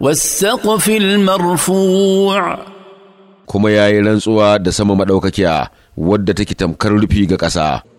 والسقف المرفوع kuma ya yi rantsuwa da sama maɗaukakiya wadda take tamkar rufi ga ƙasa